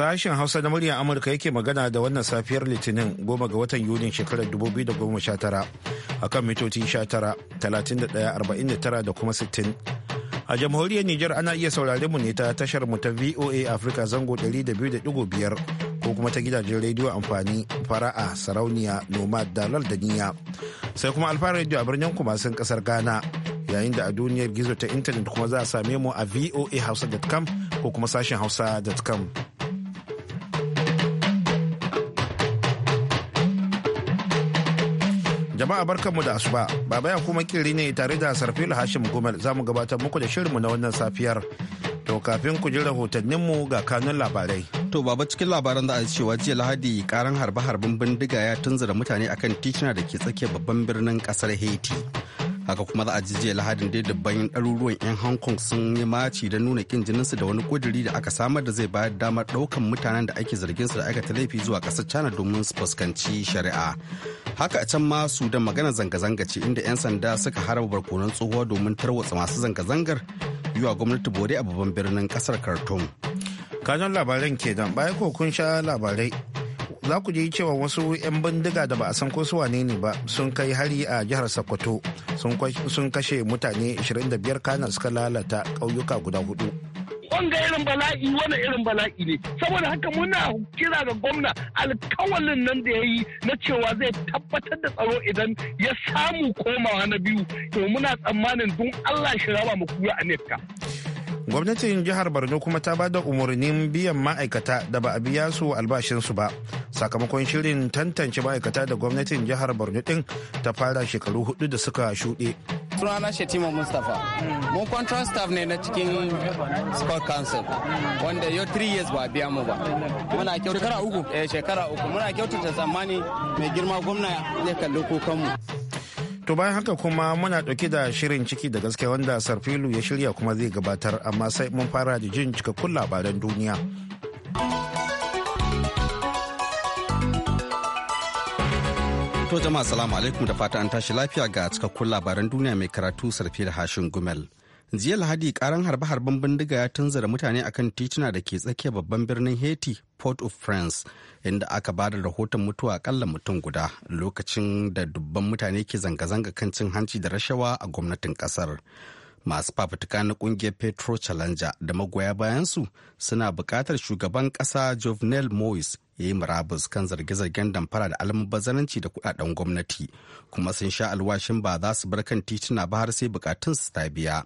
Sashen Hausa na muryar Amurka yake magana da wannan safiyar Litinin goma ga watan Yuni shekarar 2019 akan mitoci 19, da kuma 60. a jamhuriyar Nijar ana iya saurare mu ne ta tashar mu ta VOA Africa zango 200.5 ko kuma ta gidajen rediyo amfani fara'a sarauniya nomad dalal da niya sai kuma alfa rediyo a birnin sun kasar Ghana yayin da a duniyar gizo ta intanet kuma za a same mu a voa hausa.com ko kuma sashen hausa.com Jama'a barkanmu da asuba, baba ya kuma kiri ne tare da Sarfil Hashim Gumel za mu gabatar muku da shirinmu na wannan safiyar. To kafin ku ji rahotanninmu ga kanun labarai. To baba cikin labaran da a cewa jiya Lahadi karan harbe-harben bindiga ya tunzura mutane akan titina da ke tsakiya babban birnin kasar Haiti. Haka kuma za a ji jiya Lahadin dai dabban ɗaruruwan 'yan Hong Kong sun yi maci don nuna kin jininsu da wani ƙudiri da aka samar da zai bayar damar daukan mutanen da ake zargin su da aikata laifi zuwa ƙasar China domin su fuskanci shari'a. haka a can ma da magana zanga-zanga ce inda 'yan sanda suka harba barkonon tsohuwa domin tarwatsa masu zanga-zangar yiwa gwamnati bore a babban birnin kasar khartoum kanan labaran kenan bayan ko kun sha labarai za ku ji cewa wasu 'yan bindiga da ba a san ko su wane ne ba sun kai hari a jihar sokoto sun kashe mutane 25 kana suka lalata ƙauyuka guda hudu wanga irin bala'i wani irin bala'i ne saboda haka muna kira ga gwamna alkawalin nan da ya yi na cewa zai tabbatar da tsaro idan ya samu komawa na biyu to muna tsammanin don allah shi raba mu a amerika gwamnatin jihar borno kuma ta ba da umarnin biyan ma'aikata da ba a biya su albashinsu ba sakamakon shirin tantance ma'aikata da gwamnatin jihar borno din ta fara shekaru hudu da suka shuɗe sunana Shetima Mustapha. Mun contract staff ne na cikin sport council wanda yau 3 years ba biya mu ba. Muna kyautata shekara uku. Eh shekara uku muna kyautata tsammani mai girma gwamna zai kalli kukanmu mu. To bayan haka kuma muna ɗauke da shirin ciki da gaske wanda Sarfilu ya shirya kuma zai gabatar amma sai mun fara da jin cikakkun labaran duniya. To jama'a salamu alaikum da fata an tashi lafiya ga cikakkun labaran duniya mai karatu sarfi da hashin gumel. Jiya Lahadi karan harbe-harben bindiga ya tunzura mutane akan tituna da ke tsakiyar babban birnin Haiti, Port of France, inda aka bada rahoton mutuwa akalla mutum guda lokacin da dubban mutane ke zanga-zanga kan cin hanci da rashawa a gwamnatin kasar. masu fafutuka na kungiyar petro challenger da magoya bayansu suna buƙatar shugaban ƙasa jovenel moise ya yi murabus kan zarge-zargen damfara da almubazzaranci da kudaden gwamnati kuma sun sha alwashin ba za su bar kan tituna ba har sai bukatun su ta biya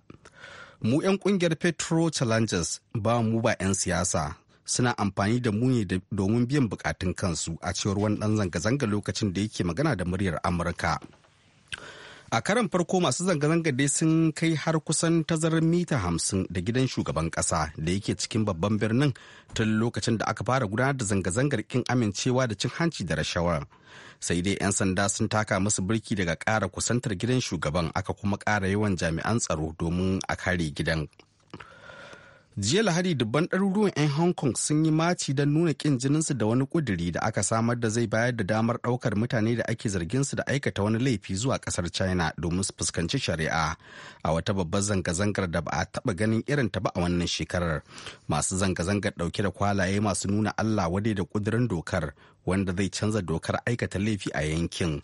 mu 'yan kungiyar petro challenges ba mu ba 'yan siyasa suna amfani da muni domin biyan bukatun kansu a cewar wani dan zanga-zanga lokacin da yake magana da muryar amurka a karan farko masu zanga-zanga dai sun kai har kusan tazarar mita hamsin da gidan shugaban kasa da yake cikin babban birnin tun lokacin da aka fara gudanar da zanga-zangar kin amincewa da cin hanci da rashawa sai dai 'yan sanda sun taka musu birki daga ƙara kusantar gidan shugaban aka kuma ƙara yawan jami'an tsaro domin a kare gidan jiya lahadi dubban ɗaruruwan 'yan hong kong sun yi maci don nuna ƙin jininsu da wani ƙuduri da aka samar da zai bayar da damar ɗaukar mutane da ake zargin su da aikata wani laifi zuwa ƙasar china domin su fuskanci shari'a a wata babbar zanga-zangar da ba a taɓa ganin irin ta ba a wannan shekarar masu zanga-zangar ɗauke da kwalaye masu nuna allah wadai da ƙudurin dokar wanda zai canza dokar aikata laifi a yankin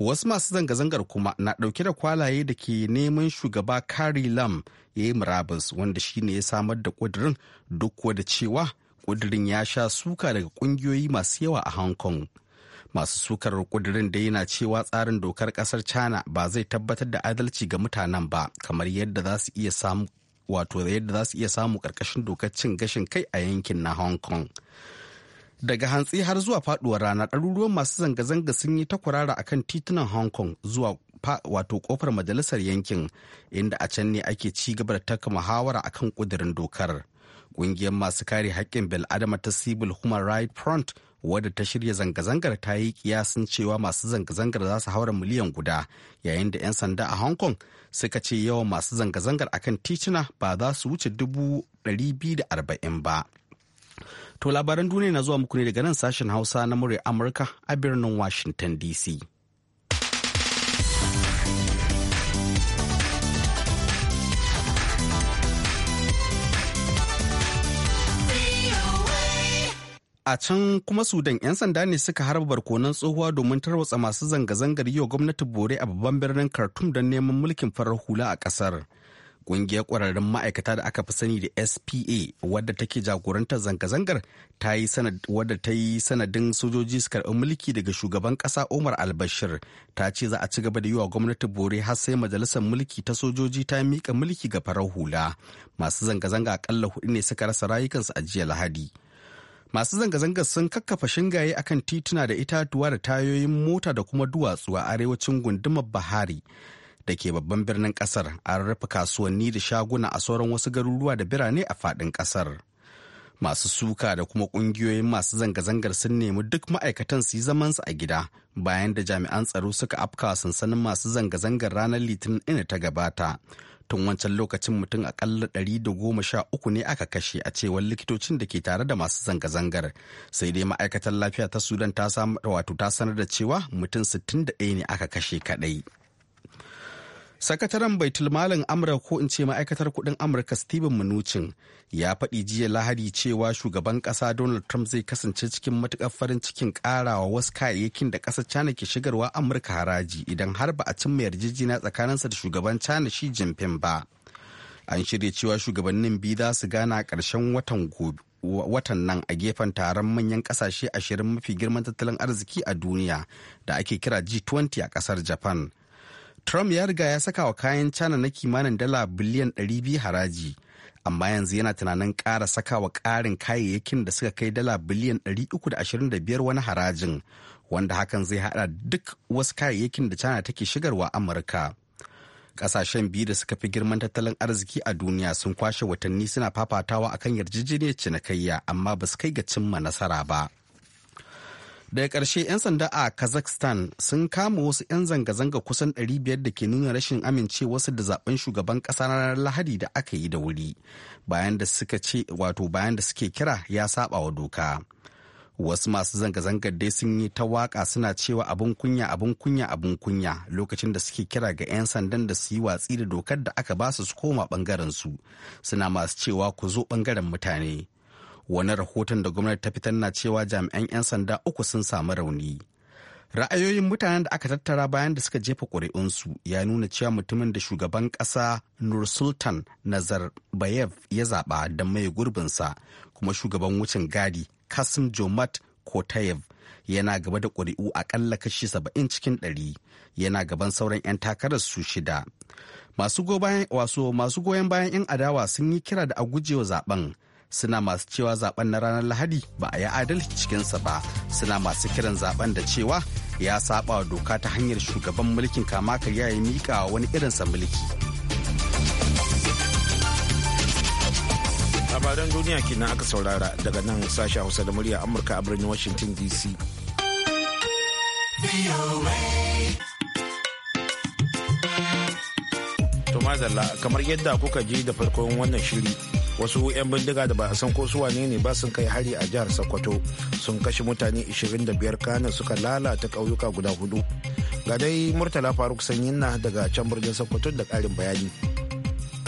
wasu masu zanga-zangar kuma na ɗauke da kwalaye da ke neman shugaba kari lam ya yi murabus wanda ne ya samar da ƙudurin duk da cewa ƙudurin ya sha suka daga ƙungiyoyi masu yawa a hong kong masu sukar ƙudurin da yana cewa tsarin dokar ƙasar china ba zai tabbatar da adalci ga mutanen ba kamar yadda za su iya samu wato yadda za su iya samu ƙarƙashin dokar cin gashin kai a yankin na hong kong daga hantsi har zuwa faduwar rana ɗaruruwan masu zanga-zanga sun yi takwarara a kan titunan hong kong zuwa wato kofar majalisar yankin inda a can ne ake ci gaba da taka muhawara akan kudirin dokar ƙungiyar masu kare haƙƙin Adama ta civil human rights front wadda ta shirya zanga-zangar ta yi kiyasin cewa masu zanga-zangar za su haura miliyan guda yayin da 'yan sanda a hong kong suka ce yawan masu zanga-zangar akan tituna ba za su wuce dubu 240 ba To labaran duniya na zuwa muku ne daga nan sashen Hausa na murya Amurka a birnin Washington DC. A can kuma Sudan 'yan sanda ne suka harba barkonan tsohuwa domin tarwatsa masu zanga-zangar yau gwamnati bore a babban birnin Khartoum don neman mulkin farar hula a ƙasar. Ƙungiyar ƙwararrun ma'aikata da aka fi sani da SPA wadda take jagorantar zanga-zangar ta yi wadda ta yi sanadin sojoji su karɓi mulki daga shugaban ƙasa Omar al-Bashir ta ce za a ci gaba da yi wa gwamnati bore har sai majalisar mulki ta sojoji ta mika mulki ga farar hula. Masu zanga-zanga akalla hudu ne suka rasa rayukansu a jiya Lahadi. masu zanga-zangar sun kakkafa shingaye akan tituna da itatuwa da tayoyin mota da kuma duwatsu a arewacin gundumar bahari da ke babban birnin kasar a rufe kasuwanni da shaguna a sauran wasu garuruwa da birane a faɗin kasar. Masu suka da kuma ƙungiyoyin masu zanga-zangar sun nemi duk ma'aikatan su yi zamansu a gida bayan da jami'an tsaro suka afka sansanin masu zanga-zangar ranar litinin ina ta gabata. Tun wancan lokacin mutum akalla ɗari da goma sha uku ne aka kashe a cewar likitocin da ke tare da masu zanga-zangar. Sai dai ma'aikatar lafiya ta Sudan ta sanar da cewa mutum sittin da ɗaya ne aka kashe kaɗai. sakataren baitul malin amurka ko in ce ma'aikatar kudin amurka steven mnuchin ya faɗi jiya lahadi cewa shugaban ƙasa donald trump zai kasance cikin matuƙar farin cikin ƙarawa wasu kayayyakin da ƙasar china ke shigarwa amurka haraji idan har ba a cimma yarjejina tsakaninsa da shugaban china shi jinping ba an shirya cewa shugabannin biyu za su gana a ƙarshen watan gobe watan nan a gefen taron manyan kasashe ashirin mafi girman tattalin arziki a duniya da ake kira G20 a ƙasar Japan Trump ya riga ya saka wa kayan China na kimanin dala biliyan 200 haraji, amma yanzu yana tunanin ƙara saka wa ƙarin kayayyakin da suka kai dala biliyan 325 wani harajin, wanda hakan zai hada duk wasu kayayyakin da China take shigarwa Amurka. Ƙasashen biyu da suka fi girman tattalin arziki a duniya sun kwashe watanni suna fafatawa akan yarjejeniyar cinikayya amma ba su kai ga cimma nasara ba. daga ƙarshe 'yan sanda a kazakhstan sun kama wasu 'yan zanga-zanga kusan 500 da ke nuna rashin amincewarsu da zaben shugaban ƙasa na ranar lahadi da aka yi da wuri bayan da suka ce wato bayan da suke kira ya saba wa doka wasu masu zanga-zangar dai sun yi ta waka suna cewa abin kunya abin kunya abin kunya lokacin da suke kira ga 'yan sandan da su yi watsi da dokar da aka ba su su koma bangaren su suna masu cewa ku zo bangaren mutane wani rahoton da gwamnati ta fitar na cewa jami'an 'yan sanda uku sun samu rauni ra'ayoyin mutanen da aka tattara bayan da suka jefa ƙuri'unsu ya nuna cewa mutumin da shugaban ƙasa nursultan nazarbayev ya zaɓa da mai gurbinsa kuma shugaban wucin gadi kasim jomat kotayev yana gaba da ƙuri'u aƙalla kashi saba'in cikin ɗari yana gaban sauran 'yan takarar su shida masu goyon bayan 'yan adawa sun yi kira da a gujewa zaben suna masu cewa zaben na ranar lahadi ba a yi adalci cikinsa ba suna masu kiran zaben da cewa ya saba wa doka ta hanyar shugaban mulkin kama karya ya mika wani irinsa mulki labaran duniya kenan aka saurara daga nan sashen hausa da murya amurka a birnin washington dc to kamar yadda kuka ji da farkon wannan shiri wasu 'yan bindiga da ba a san ko su wane ne ba sun kai hari a jihar sokoto sun kashe mutane 25 kana suka lalata ƙauyuka guda hudu ga dai murtala faruk sanyin na daga can birnin sokoto da ƙarin bayani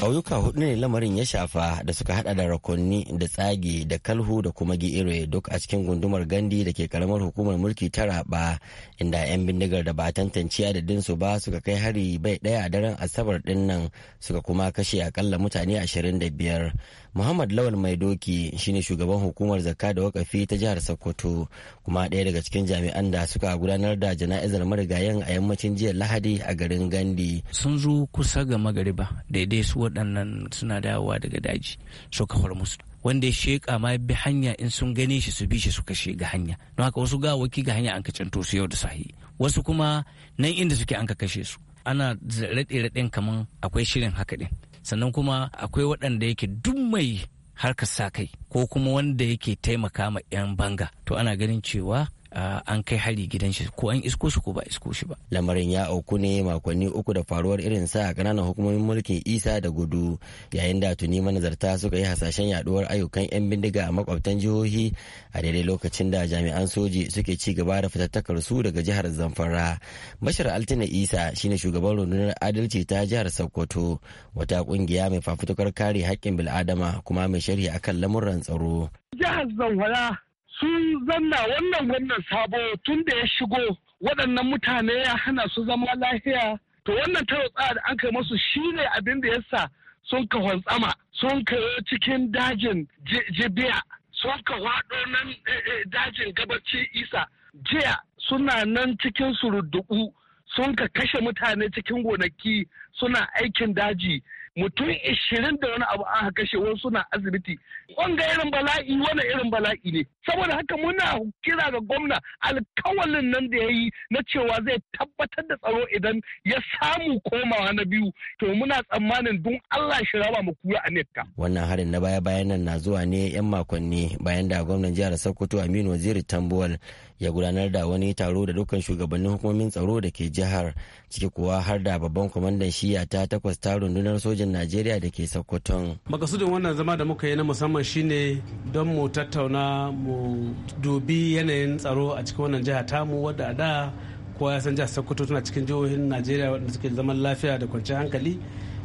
kauyuka hudu ne lamarin ya shafa da suka hada da rakonni da tsagi da kalhu da kuma gi'ire duk a cikin gundumar gandi da ke karamar hukumar mulki ta raba inda 'yan bindigar da ba tantance adadinsu ba suka kai hari bai daya a daren asabar din nan suka kuma kashe akalla mutane 25 muhammad lawal mai doki shine shugaban hukumar zakka da wakafi ta jihar sokoto kuma ɗaya daga cikin jami'an da suka gudanar da jana'izar marigayen a yammacin jiya lahadi a garin gandi sun zo kusa ga magariba daidai su waɗannan suna dawowa daga daji so kafar musu wanda ya sheka ma bi hanya in sun gane shi su bi shi suka ga hanya don haka wasu gawaki ga hanya an ka su yau da sahi wasu kuma nan inda suke an ka kashe su ana raɗe-raɗen kaman akwai shirin haka ɗin sannan kuma akwai waɗanda yake duk mai harkar sa kai ko kuma wanda yake taimaka ma 'yan banga to ana ganin cewa Ah, an kai hari gidan shi ko an isko shi ko ba isko shi ba lamarin ya auku ne makonni uku da faruwar irin sa kananan hukumomin mulkin isa da gudu yayin da tuni manazarta suka yi hasashen yaduwar ayyukan yan bindiga a makwabtan jihohi a daidai lokacin da jami'an soji suke ci gaba da fitattakar su daga jihar zamfara bashar altina isa shine shugaban rundunar adalci ta jihar sokoto wata kungiya mai fafutukar kare haƙƙin bil'adama kuma mai sharhi akan lamuran tsaro jihar zamfara sun zanna wannan wannan sabo tun da ya shigo waɗannan mutane ya hana su zama lahiya to wannan tarotsa da an kai masu shine abin da yasa sun ka hantsama sun ka cikin dajin jibiya sun ka waɗo nan eh, eh, dajin gabaci isa jiya suna nan cikin surudubu sun ka kashe mutane cikin gonaki suna aikin daji mutum ishirin da wani abu aka kashe wasu na asibiti wanga irin bala'i wani irin bala'i ne saboda haka muna kira ga gwamna alkawalin nan da ya yi na cewa zai tabbatar da tsaro idan ya samu komawa na biyu to muna tsammanin don allah shi raba mu kuya a netka wannan harin na baya bayan nan na zuwa ne yan makonni bayan da gwamnan jihar sokoto aminu waziri tambuwal ya gudanar da wani taro da dukkan shugabannin hukumomin tsaro da ke jihar ciki kuwa har da babban kwamandan shiya ta takwas ta rundunar soja sojojin najeriya da ke sokoton makasudin wannan zama da muka yi na musamman ne don mu tattauna mu dubi yanayin tsaro a cikin wannan jiha tamu wadda a da kowa ya san jihar sokoto tana cikin jihohin najeriya wadda suke zaman lafiya da kwanciyar hankali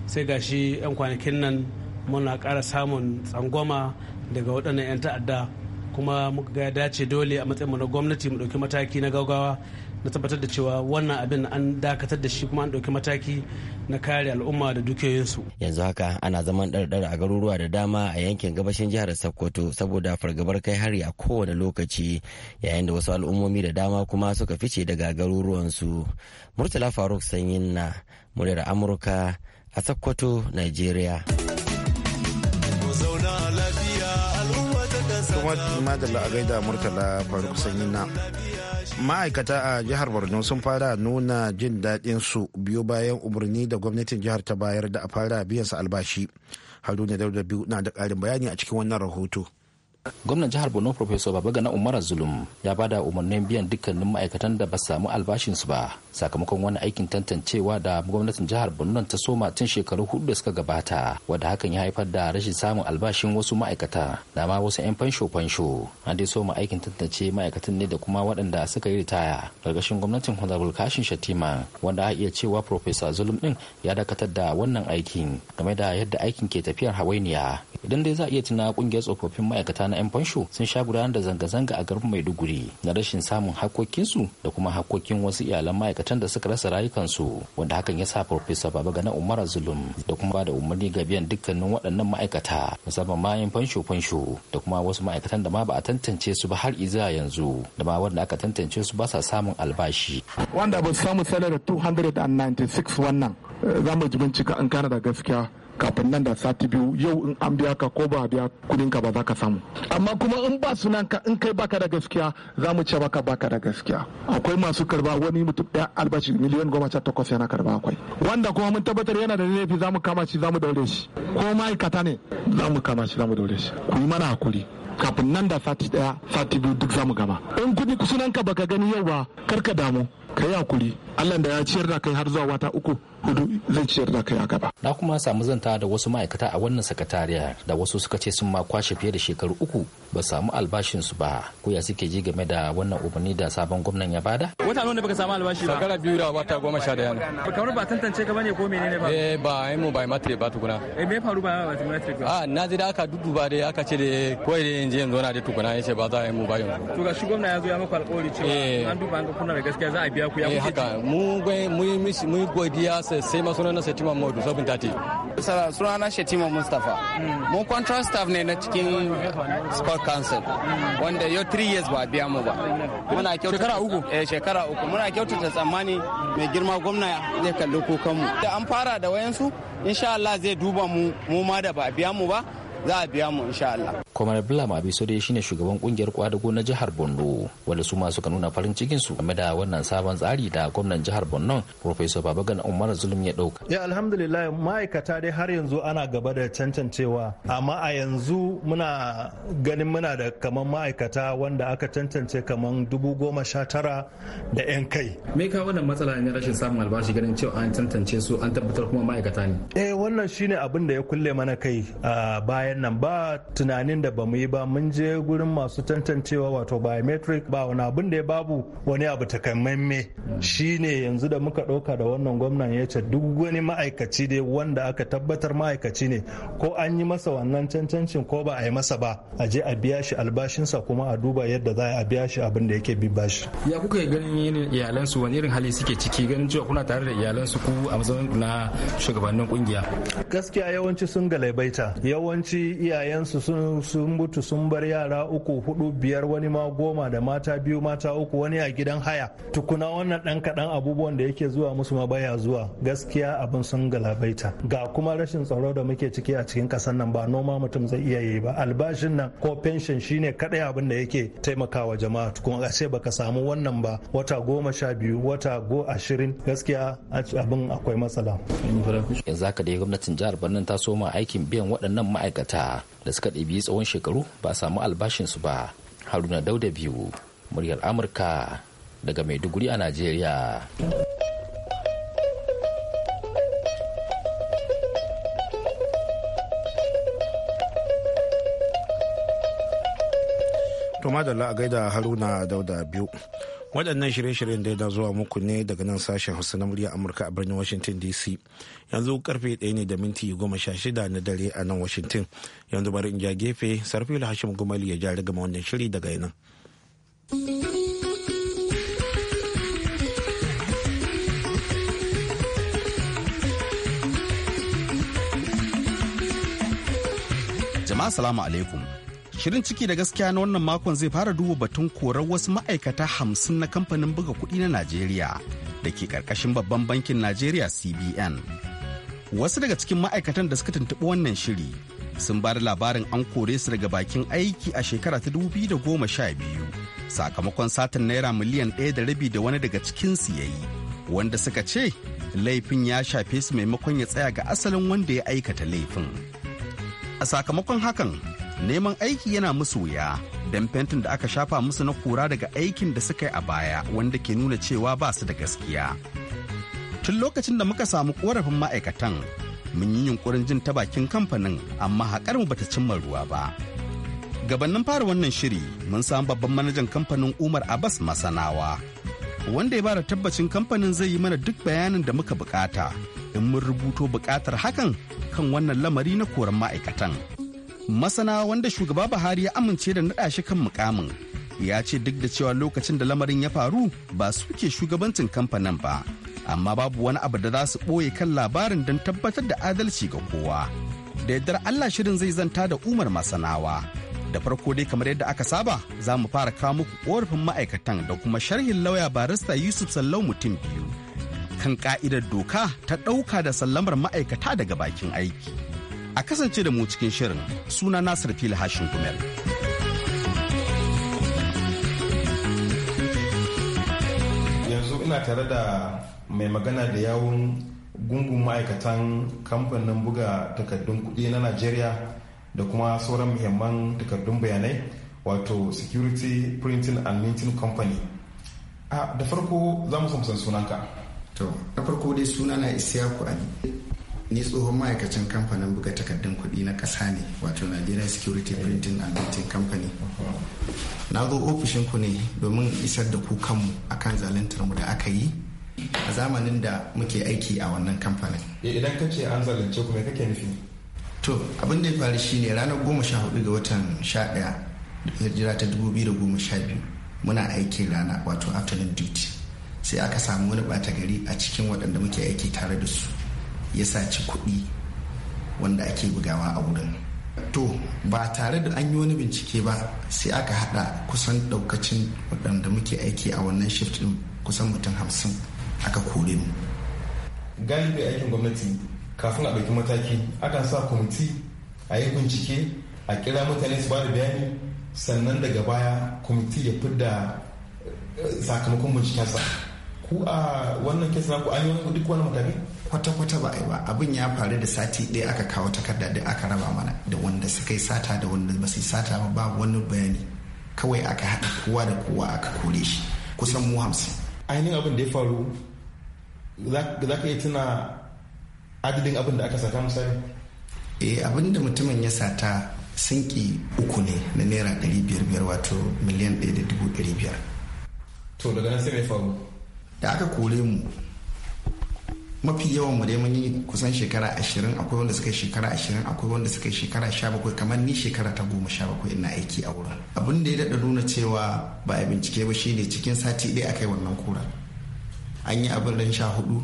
sai gashi 'yan kwanakin nan muna kara samun tsangwama daga waɗannan 'yan ta'adda kuma muka ga ya dace dole a matsayin na gwamnati mu ɗauki mataki na gaugawa na tabbatar da cewa wannan abin an dakatar da shi kuma an ɗauki mataki na kare al'umma da dukiyoyinsu. Yanzu haka ana zaman ɗarɗar a garuruwa da dama a yankin gabashin jihar Sokoto saboda fargabar kai hari a kowane lokaci yayin da wasu al'ummomi da dama kuma suka fice daga garuruwansu. Murtala Faruk Sanyin na muryar Amurka a Sokoto, Nigeria. Kuma da la'agaida Murtala Faruk Sanyin na ma'aikata a jihar borno sun fara nuna jin daɗin su biyo bayan umarni da gwamnatin jihar ta bayar da a fara biyansa albashi haruna dauda biyu na da ƙarin bayani a cikin wannan rahoto gwamnan jihar borno professor babagana umar zulum ya bada umarnin biyan dukkanin ma'aikatan da ba samu albashinsu ba sakamakon wani aikin tantancewa da gwamnatin jihar borno ta soma tun shekaru hudu da suka gabata wadda hakan ya haifar da rashin samun albashin wasu ma'aikata da ma wasu 'yan fansho fansho an dai soma aikin tantance ma'aikatan ne da kuma waɗanda suka yi ritaya ƙarƙashin gwamnatin honorable kashin shatima wanda a iya cewa professor zulum din ya dakatar da wannan aikin game da yadda aikin ke tafiyar hawainiya idan dai za a iya tuna kungiyar tsofaffin ma'aikata na 'yan fansho sun sha gudanar da zanga-zanga a garin maiduguri na rashin samun hakokinsu da kuma hakokin wasu iyalan ma'aikata ma'aikatan da suka rasa rayukansu wanda hakan ya sa farfesa babagana umar zulum da kuma ba da umarni ga biyan dukkanin waɗannan ma'aikata musamman ma fansho fansho da kuma wasu ma'aikatan da ma ba a tantance su ba har izuwa yanzu da ma wanda aka tantance su ba sa samun albashi wanda ba su samu salarar 296 wannan eh, za mu ji bincika an kana da gaskiya kafin nan da sati biyu yau in an biya ka ko ba biya kudin ka ba za ka samu amma kuma in ba sunan ka in kai baka da gaskiya za mu ce baka baka da gaskiya akwai masu karba wani mutum ɗaya albashi miliyan goma sha takwas yana karba akwai wanda kuma mun tabbatar yana da laifi za mu kama shi za mu daure shi ko ma'aikata ne za mu kama shi za mu daure shi ku yi mana hakuri kafin nan da sati daya sati biyu duk za mu gama in kudi ka baka gani yau ba karka damu ka yi hakuri allah da ya ciyar da kai har zuwa wata uku hudu zai ciyar da kai a gaba. Na kuma samu zanta da wasu ma'aikata a wannan sakatariya da wasu suka ce sun ma kwashe fiye da shekaru uku ba samu albashinsu ba ko ya suke ji game da wannan umarni da sabon gwamnan ya bada. Wata nuna baka samu albashi ba. Shekara biyu da wata goma sha daya ne. Kamar ba tantance ka bane ko menene ba. Eh ba ai mu ba matre ba tukuna. Eh me faru ba matre ba. Ah na ji da aka dudduba dai aka ce da kawai dai in je in zauna dai tukuna yace ba za a yi mu ba yanzu. To ga shi gwamna ya zo ya maka alƙawari cewa eh. an duba an ga kuna da gaskiya za a biya ku ya eh, kuke. Eh haka mu mu mu godiya sa sai sai ma sunana Shetima Maudu 730. Sunana Shetima Mustapha. mun control staff ne na cikin sport council wanda yau 3 years ba biya mu ba. Muna shekara uku. Eh shekara uku. Muna kyautata tsammani mai girma gwamna zai kalli kukan mu. Da an fara da wayansu insha Allah zai duba mu mu ma da ba biya mu ba za a biya mu insha Allah. Kwamar Blam Abisode shine shugaban kungiyar kwadago na jihar Borno wanda su ma suka nuna farin cikin su game da wannan sabon tsari da gwamnan jihar Borno Professor Babagan Umar Zulum ya dauka. Ya alhamdulillah ma'aikata dai har yanzu ana gaba da tantancewa amma a yanzu muna ganin muna da kaman ma'aikata wanda aka tantance kaman dubu goma sha tara da 'yan kai. Me ka wannan matsala ne rashin samun albashi ganin cewa an tantance su an tabbatar kuma ma'aikata ne? Eh wannan shine abin da ya kulle mana kai a bayan bayan nan ba tunanin da ba mu yi ba mun je gurin masu tantancewa wato biometric ba wani abin da ya babu wani abu takamaimai shine yanzu da muka ɗauka da wannan gwamnan ya ce duk wani ma'aikaci dai wanda aka tabbatar ma'aikaci ne ko an yi masa wannan cancancin ko ba a yi masa ba a je a biya shi albashinsa kuma a duba yadda za a biya shi abin da yake bi bashi. ya kuka ganin yin iyalansu wani irin hali suke ciki ganin cewa kuna tare da iyalansu ku a matsayin na shugabannin kungiya. gaskiya yawanci sun galaibaita yawanci yawanci iyayensu sun mutu sun bar yara uku hudu biyar wani ma goma da mata biyu mata uku wani a gidan haya tukuna wannan dan kaɗan abubuwan da yake zuwa musu ma baya zuwa gaskiya abin sun galabaita ga kuma rashin tsaro da muke ciki a cikin kasan nan ba noma mutum zai iya yi ba albashin nan ko pension shine kadai abin da yake taimakawa jama'a tukun a ce baka samu wannan ba wata goma sha biyu wata go ashirin gaskiya abin akwai matsala yanzu haka dai gwamnatin jihar Borno ta soma aikin biyan waɗannan ma'aikata ma'aikata da suka ɗabi tsawon shekaru ba a samu albashinsu ba haruna dauda biyu muryar amurka daga maiduguri a najeriya to madalla a gaida haruna dauda biyu waɗannan shirye-shiryen da na zuwa muku ne daga nan sashen hausa na murya amurka a birnin washington dc yanzu karfe ɗaya ne da minti goma sha shida na dare a nan washington yanzu bari in ja gefe sarfila hashim gumali ya ja rigama wannan shiri daga nan. jama'a salamu alaikum Shirin ciki da gaskiya na wannan makon zai fara duba batun korar wasu ma'aikata hamsin na kamfanin buga kuɗi na Najeriya da ke ƙarƙashin babban bankin Najeriya CBN. Wasu daga cikin ma'aikatan da suka tuntuɓi wannan shiri sun ba da labarin an kore su daga bakin aiki a shekara ta da goma sha biyu sakamakon satin naira miliyan ɗaya da rabi da wani daga cikin su ya yi wanda suka ce laifin ya shafe su maimakon ya tsaya ga asalin wanda ya aikata laifin. A sakamakon hakan neman aiki yana musu wuya don fentin da aka shafa musu na kura daga aikin da suka yi a baya wanda ke nuna cewa ba su da gaskiya tun lokacin da muka samu korafin ma'aikatan mun yi yunkurin jin ta bakin kamfanin amma haƙar mu bata cimma ruwa ba gabanin fara wannan shiri mun samu babban manajan kamfanin umar abbas masanawa wanda ya bada tabbacin kamfanin zai yi mana duk bayanin da muka bukata in mun rubuto bukatar hakan kan wannan lamari na koran ma'aikatan masana wanda shugaba buhari ya amince da naɗa shi kan mukamin ya ce duk da cewa lokacin da lamarin ya faru ba suke shugabancin kamfanin ba amma babu wani abu da za su ɓoye kan labarin don tabbatar da adalci ga kowa da yardar allah shirin zai zanta da umar masanawa da farko dai kamar yadda aka saba za mu fara kawo muku korafin ma'aikatan da kuma sharhin lauya barista yusuf sallau mutum biyu kan ka'idar doka ta ɗauka da sallamar ma'aikata daga bakin aiki A kasance da mu cikin shirin suna Nasir Fili Hashin Kumel. Yanzu ina tare da mai magana da yawun gungun ma'aikatan kamfanin buga takardun kuɗi na Najeriya da kuma sauran muhimman takardun bayanai wato Security Printing and Minting Company. da farko za mu sunanka. To, na farko dai suna na Isiyaku Ali. ni tsohon ma'aikacin kamfanin buga takardun kuɗi na ƙasa ne wato Nigeria Security Printing and Printing Company. Na zo ofishin ne domin isar da ku kanmu akan zaluntar mu da aka yi a zamanin da muke aiki a wannan kamfanin. Eh, idan ka ce an zalunce ku me kake nufi? To abin da ya faru shine ranar goma sha hudu ga watan sha ɗaya hijira ta dubu biyu da goma sha biyu muna aiki rana wato afternoon duty sai aka samu wani bata gari a cikin waɗanda muke aiki tare da su. ya saci kuɗi wanda ake bugawa a wurin to ba tare da an yi wani bincike ba sai aka hada kusan daukacin waɗanda muke aiki a wannan shift din kusan mutum hamsin aka kore mu galibi aikin gwamnati kafin a ɗauki mataki akan sa kwamiti a yi bincike a kira mutane su ba da bayani sannan daga baya kwamiti ya fidda eh, sakamakon bincikensa ku a wannan kesa ku an yi duk wani mutane. kwata-kwata ba a yi ba abin ya faru da sati ɗaya aka kawo takarda da aka raba mana da wanda suka yi sata da wanda ba su yi sata ba ba wani bayani kawai aka haɗa kowa da kowa aka kore shi kusan mu hamsin ainihin abin da ya faru za ka iya tuna adadin abin da aka sata misali eh abin da mutumin ya sata ki uku ne na naira ɗari biyar biyar wato miliyan ɗaya da dubu ɗari biyar to daga nan sai mai faru da aka kore mu mafi yawan mu dai mun yi kusan shekara ashirin akwai wanda suka yi shekara ashirin akwai wanda suka yi shekara sha bakwai kamar ni shekara ta goma sha bakwai ina aiki a wurin abin da ya daɗa nuna cewa ba a bincike ba shine cikin sati ɗaya aka yi wannan kura an yi abin ran sha hudu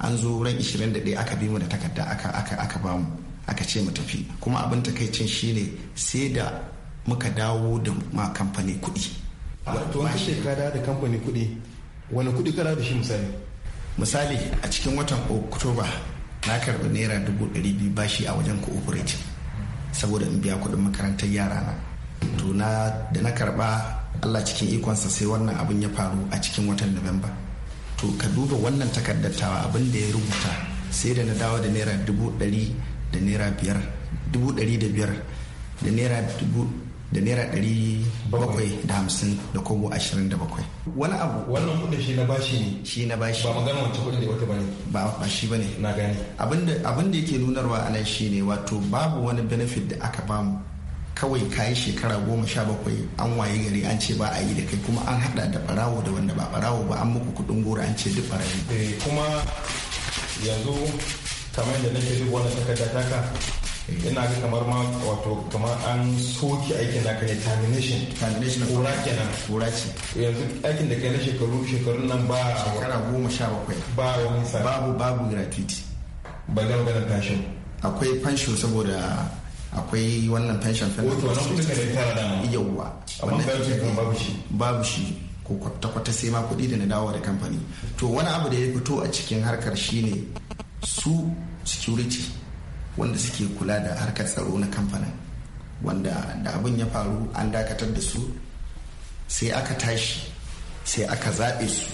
an zo ran ishirin da ɗaya aka bi mu da takarda aka aka aka ba mu aka ce mu tafi kuma abin takaicin shine sai da muka dawo da ma kamfani kuɗi. wato wani shekara da kamfani kuɗi wani kuɗi kara da shi misali misali a cikin watan oktoba na karɓi naira dubu ɗari biyu bashi a wajen cooperative saboda in biya kuɗin makarantar yara na to na da na karɓa allah cikin ikonsa sai wannan abin ya faru a cikin watan nuwamba to ka duba wannan takardattawa abin da ya rubuta sai da na dawo da naira dubu ɗari da naira biyar dubu ɗari da biyar da naira dubu da naira ɗari bakwai da hamsin da kobo ashirin da bakwai. Wani abu wannan kudin shi na bashi ne. Shi na bashi. Ba magana wancan kudin da wata bane. Ba ba shi bane. Na gane. Abinda abinda yake nunarwa a nan ne wato babu wani benefit da aka bamu kawai kayi shekara goma sha bakwai an waye gari an ce ba a yi da kai kuma an hada da barawo da wanda ba barawo ba an muku kudin goro an ce duk barayi. Eh, kuma yanzu kamar da nake duk wani takarda taka ina ga kamar ma wato kamar an soke aikin da aka ne termination termination kura kenan kura ce yanzu aikin da kai na shekaru shekaru nan ba shekara goma sha bakwai ba wani sa babu babu gratuity ba ga maganar fashion akwai pension saboda akwai wannan pension fund wato wannan kudin ka tara da nan yawwa wannan pension babu shi babu shi ko kwata-kwata sai ma kuɗi da na dawo da kamfani to wani abu da ya fito a cikin harkar shine su security wanda suke kula da harkar tsaro na kamfanin wanda da abin ya faru an dakatar da su sai aka tashi sai aka zaɓe su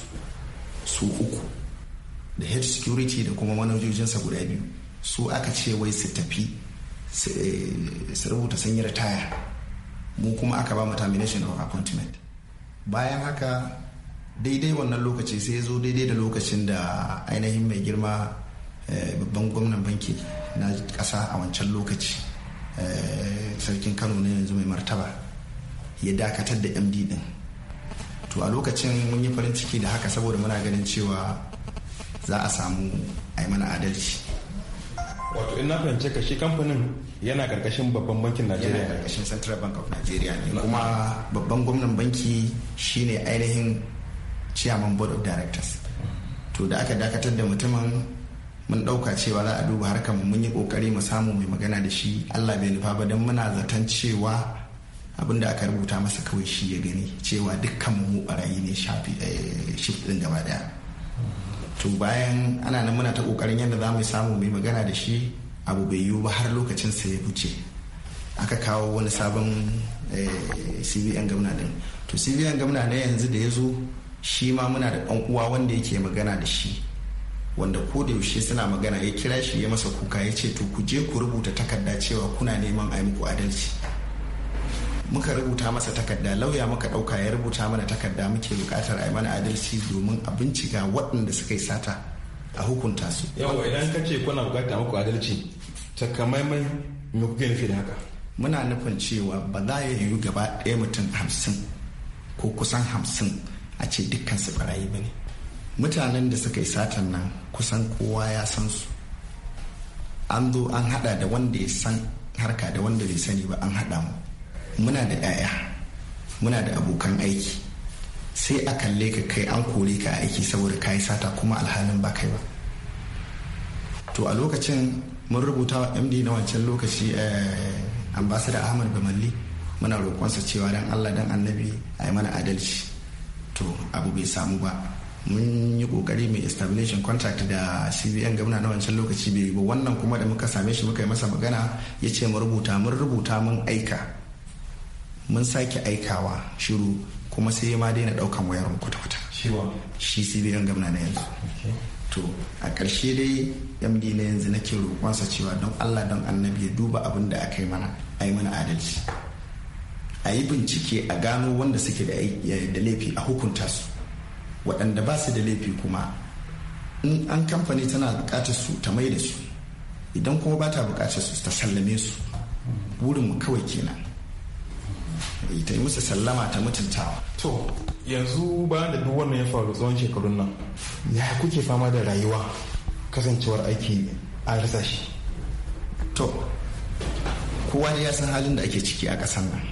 su uku da head security da kuma manajojinsa guda biyu su aka ce wai su tafi su eh, rubuta sanyar taya mu kuma aka ba mu termination of appointment bayan haka daidai wannan lokaci sai ya zo daidai da lokacin da ainihin mai girma eh, babban gwamnan banki na ƙasa a wancan lokaci eh, sarkin kano ne yanzu mai martaba ya dakatar da md din to a lokacin mun yi farin ciki da haka saboda muna ganin cewa za a samu a yi mana adalci wato in na fahimce ka shi kamfanin yana karkashin babban bankin najeriya yana karkashin central bank of nigeria ne kuma babban gwamnan banki shine ainihin chairman board of directors to da aka dakatar da mutumin mun ɗauka cewa za a duba harkar mu mun yi ƙoƙari mu samu mai magana da shi Allah bai nufa ba don muna zaton cewa abin da aka rubuta masa kawai shi ya gani cewa dukkan mu barayi ne shafi eh, shift din gaba daya to bayan ana nan muna ta kokarin yadda za mu samu mai magana da shi abu bai yiwu ba har lokacin sa ya wuce aka kawo wani sabon eh, cbn gamna din to cbn gamna na yanzu da ya zo shi ma muna da ɗan uwa wanda yake magana da shi wanda ko da yaushe suna magana ya kira shi ya masa kuka ya ce to ku je ku rubuta takarda cewa kuna neman a yi muku adalci muka rubuta masa takarda lauya muka dauka ya rubuta mana takarda muke bukatar a yi mana adalci domin a bincika waɗanda suka yi sata a hukunta su yawa idan ka ce kuna bukatar muku adalci takamaimai me kuke nufi da haka muna nufin cewa ba za ya yiwu gaba ɗaya mutum hamsin ko kusan hamsin a ce dukkan su barayi ba ne mutanen da suka yi satan nan kusan kowa ya san su an zo an hada da wanda ya san harka da wanda bai sani ba an hada mu muna da 'ya'ya muna da abokan aiki sai a kalle ka kai an kore ka aiki saboda ka yi sata kuma alhalin ba kai ba to a lokacin mun rubuta wa md na wancan lokaci eh, da ahmad bamalli muna roƙonsa cewa dan allah dan annabi a yi mana adalci to abu bai samu ba mun yi kokari mai establishing contract da cbn gamna na wancan lokaci bai ba wannan kuma da muka same shi muka yi masa magana ya ce mu rubuta mun rubuta mun aika mun sake aikawa shiru kuma sai ma daina daukan wayar mu kwata-kwata shi cbn gamna na yanzu to a ƙarshe dai md na yanzu nake roƙonsa cewa don allah don annabi ya duba abin da aka yi mana a yi mana adalci a yi bincike a gano wanda suke da laifi a hukunta su waɗanda ba su da laifi kuma in an kamfani tana bukatar su ta mai da su idan kuma ba ta buƙatar su ta sallame su wurin mu kawai kenan eh, ta yi musu sallama ta mutuntawa to yanzu ba da duk wannan ya faru tsawon shekarun nan ya kuke fama da rayuwa kasancewar aiki a rasa to kowa ne ya san halin da ake ciki a ƙasar nan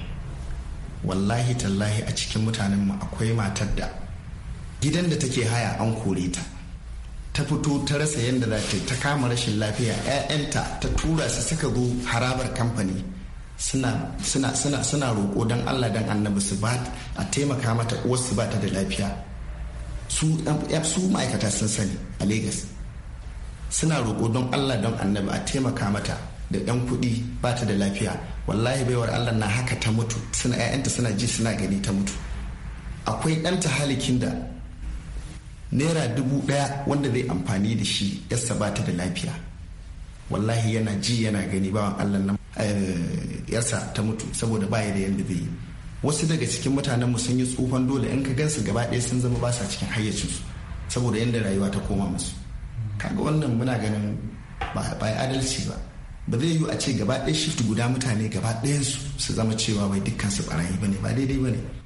wallahi tallahi a cikin mutanenmu akwai matar da gidan da take haya an kore ta ta fito ta rasa yadda za ta ta kama rashin lafiya 'ya'yanta ta tura su suka zo harabar kamfani suna roƙo don Allah don annabi su ba a taimaka mata wasu ba ta da lafiya su ma'aikata sun sani a Legas suna roƙo don Allah don annabi a taimaka mata da ɗan kuɗi ba ta da lafiya wallahi baiwar Allah na haka ta mutu suna 'ya'yanta suna ji suna gani ta mutu akwai ɗan ta halikin da naira dubu ɗaya wanda zai amfani da shi yasa ba ta da lafiya wallahi yana ji yana gani bawan allah nan eh, yarsa ta mutu saboda ya da yadda zai yi wasu daga cikin mutanen mu sun yi tsufan dole in ka gansu gaba ɗaya sun zama ba sa cikin hayyacinsu saboda yadda rayuwa ta koma musu kaga wannan muna ganin ba ba adalci ba ba zai yiwu a ce gaba ɗaya shift guda mutane gaba ɗayansu su zama cewa bai dukkan su barayi ba ne ba daidai ba ne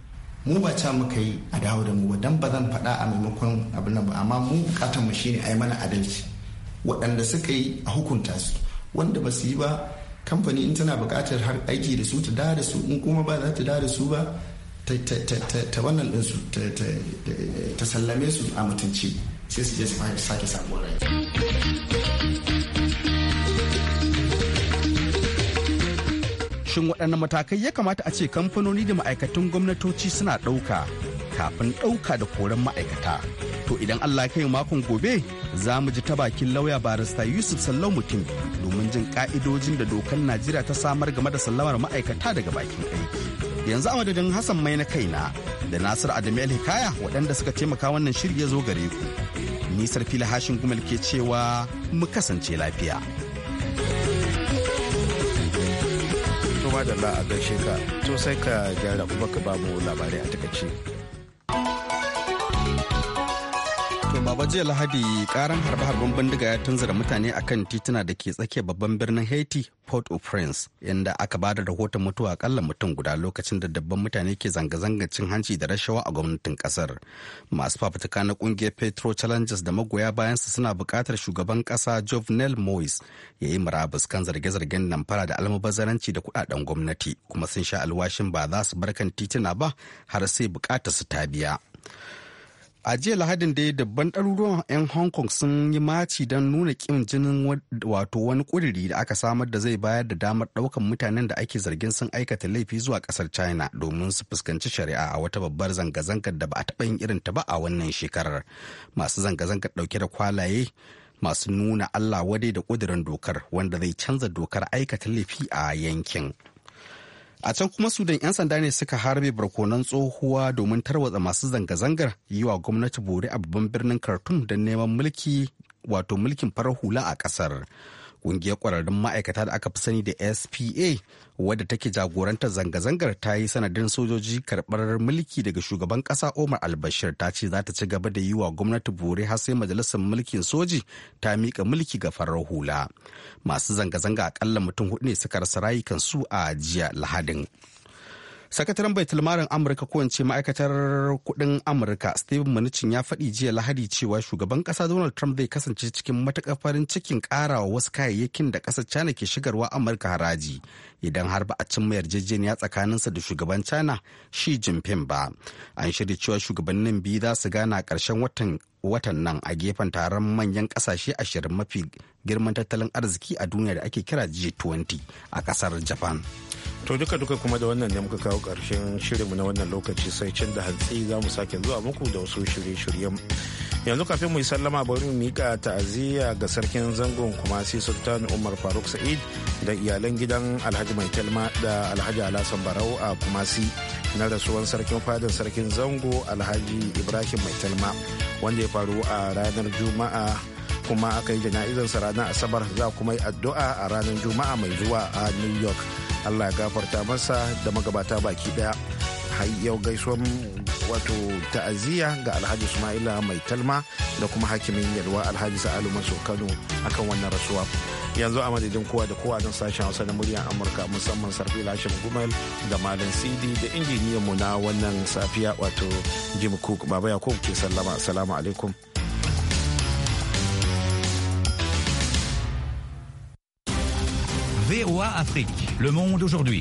mu ba ca muka yi a dawo da mu ba don ba zan faɗa a maimakon abin nan ba amma mu katon mu shine ai mana adalci waɗanda suka yi a hukunta su wanda ba su yi ba kamfani in tana buƙatar har aiki da su ta da da su in kuma ba za ta da da su ba ta wannan ɗin su ta sallame su a mutunci sai su je su sake sabuwar rai. shin waɗannan matakai ya kamata a ce kamfanoni da ma'aikatan gwamnatoci suna ɗauka kafin ɗauka da koren ma'aikata to idan allah kai makon gobe za mu ji ta bakin lauya barista yusuf sallau mutum domin jin ka'idojin da dokar najeriya ta samar game da sallamar ma'aikata daga bakin aiki yanzu a madadin hassan mai na kaina da nasir adamu hikaya waɗanda suka taimaka wannan shirya zo gare ku nisar fili hashin gumal ke cewa mu kasance lafiya. madalla a gaishe ka to sai ka gyara kuma ka babu labarai a takaice. Baba jiya Lahadi karan harbe-harben bindiga ya tunzura mutane akan tituna da ke tsakiya babban birnin Haiti, Port-au-Prince, inda aka ba da rahoton mutuwa akalla mutum guda lokacin da dabban mutane ke zanga-zangar cin hanci da rashawa a gwamnatin kasar. Masu fafutuka na kungiyar Petro Challenges da magoya bayansa suna buƙatar shugaban ƙasa Jovenel Moise ya yi murabus kan zarge-zargen namfara da almubazzaranci da kuɗaɗen gwamnati, kuma sun sha alwashin ba za su bar kan tituna ba har sai buƙatar su ta biya. a jiya lahadin da dabban ɗaruruwan 'yan hong kong sun yi maci don nuna ƙin jinin wato wani ƙudiri da aka samar da zai bayar da damar ɗaukan mutanen da ake zargin sun aikata laifi zuwa ƙasar china domin su fuskanci shari'a a wata babbar zanga-zangar da ba a taɓa yin irin ta ba a wannan shekarar masu zanga-zangar ɗauke da kwalaye masu nuna allah wadai da ƙudurin dokar wanda zai canza dokar aikata laifi a yankin. a can kuma sudan 'yan sanda ne suka harbe barkonan tsohuwa domin tarwatsa masu zanga-zangar yi wa gwamnati bori a babban birnin khartoum don neman mulki wato mulkin farar hula a kasar Ƙungiyar ƙwararrun ma'aikata da aka fi sani da SPA wadda take jagorantar zanga-zangar ta yi sanadin sojoji karɓar mulki daga shugaban ƙasa Omar al-Bashir ta ce za ta ci gaba da yi wa gwamnati bore har sai majalisar mulkin soji ta miƙa mulki ga farar hula. Masu zanga-zanga akalla mutum hudu ne suka rasa rayukan su a jiya Lahadin. sakataren bai tilmarin amurka ko ce ma'aikatar kudin amurka steven mnuchin ya faɗi jiya lahadi cewa shugaban ƙasa donald trump zai kasance cikin matuƙar farin cikin ƙarawa wasu kayayyakin da ƙasar china ke shigarwa amurka haraji idan har ba a cimma yarjejeniya sa da shugaban china shi jinping ba an shirya cewa shugabannin biyu za su gana ƙarshen watan watan nan a gefen taron manyan ƙasashe ashirin mafi girman tattalin arziki a duniya da ake kira g20 a ƙasar japan to duka duka kuma da wannan ne muka kawo ƙarshen shirinmu na wannan lokaci sai can da hantsi za mu sake zuwa muku da wasu shirye-shiryen yanzu kafin mu yi sallama bari mu mika ta'aziyya ga sarkin zangon kumasi sultan umar faruk sa'id da iyalan gidan alhaji mai talma da alhaji alasan barau a kumasi na rasuwan sarkin fadin sarkin zango alhaji ibrahim mai talma wanda ya faru a ranar juma'a kuma aka yi sa ranar asabar za kuma yi addu'a a ranar juma'a mai zuwa a new york allah ya gafarta masa da magabata baki daya yau gaisuwan wato ta'aziyya ga alhaji ismaila mai talma da kuma hakimin yalwa alhaji sa'alu maso kano akan wannan rasuwa yanzu a madadin kowa da kowa don sashen hausa na muryar amurka musamman sarfi lashin gumel da malin cd da injiniyan mu na wannan safiya wato jim cook baba yakubu ke sallama assalamu alaikum VOA Afrique, le monde aujourd'hui.